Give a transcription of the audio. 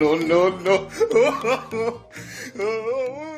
no, no, no.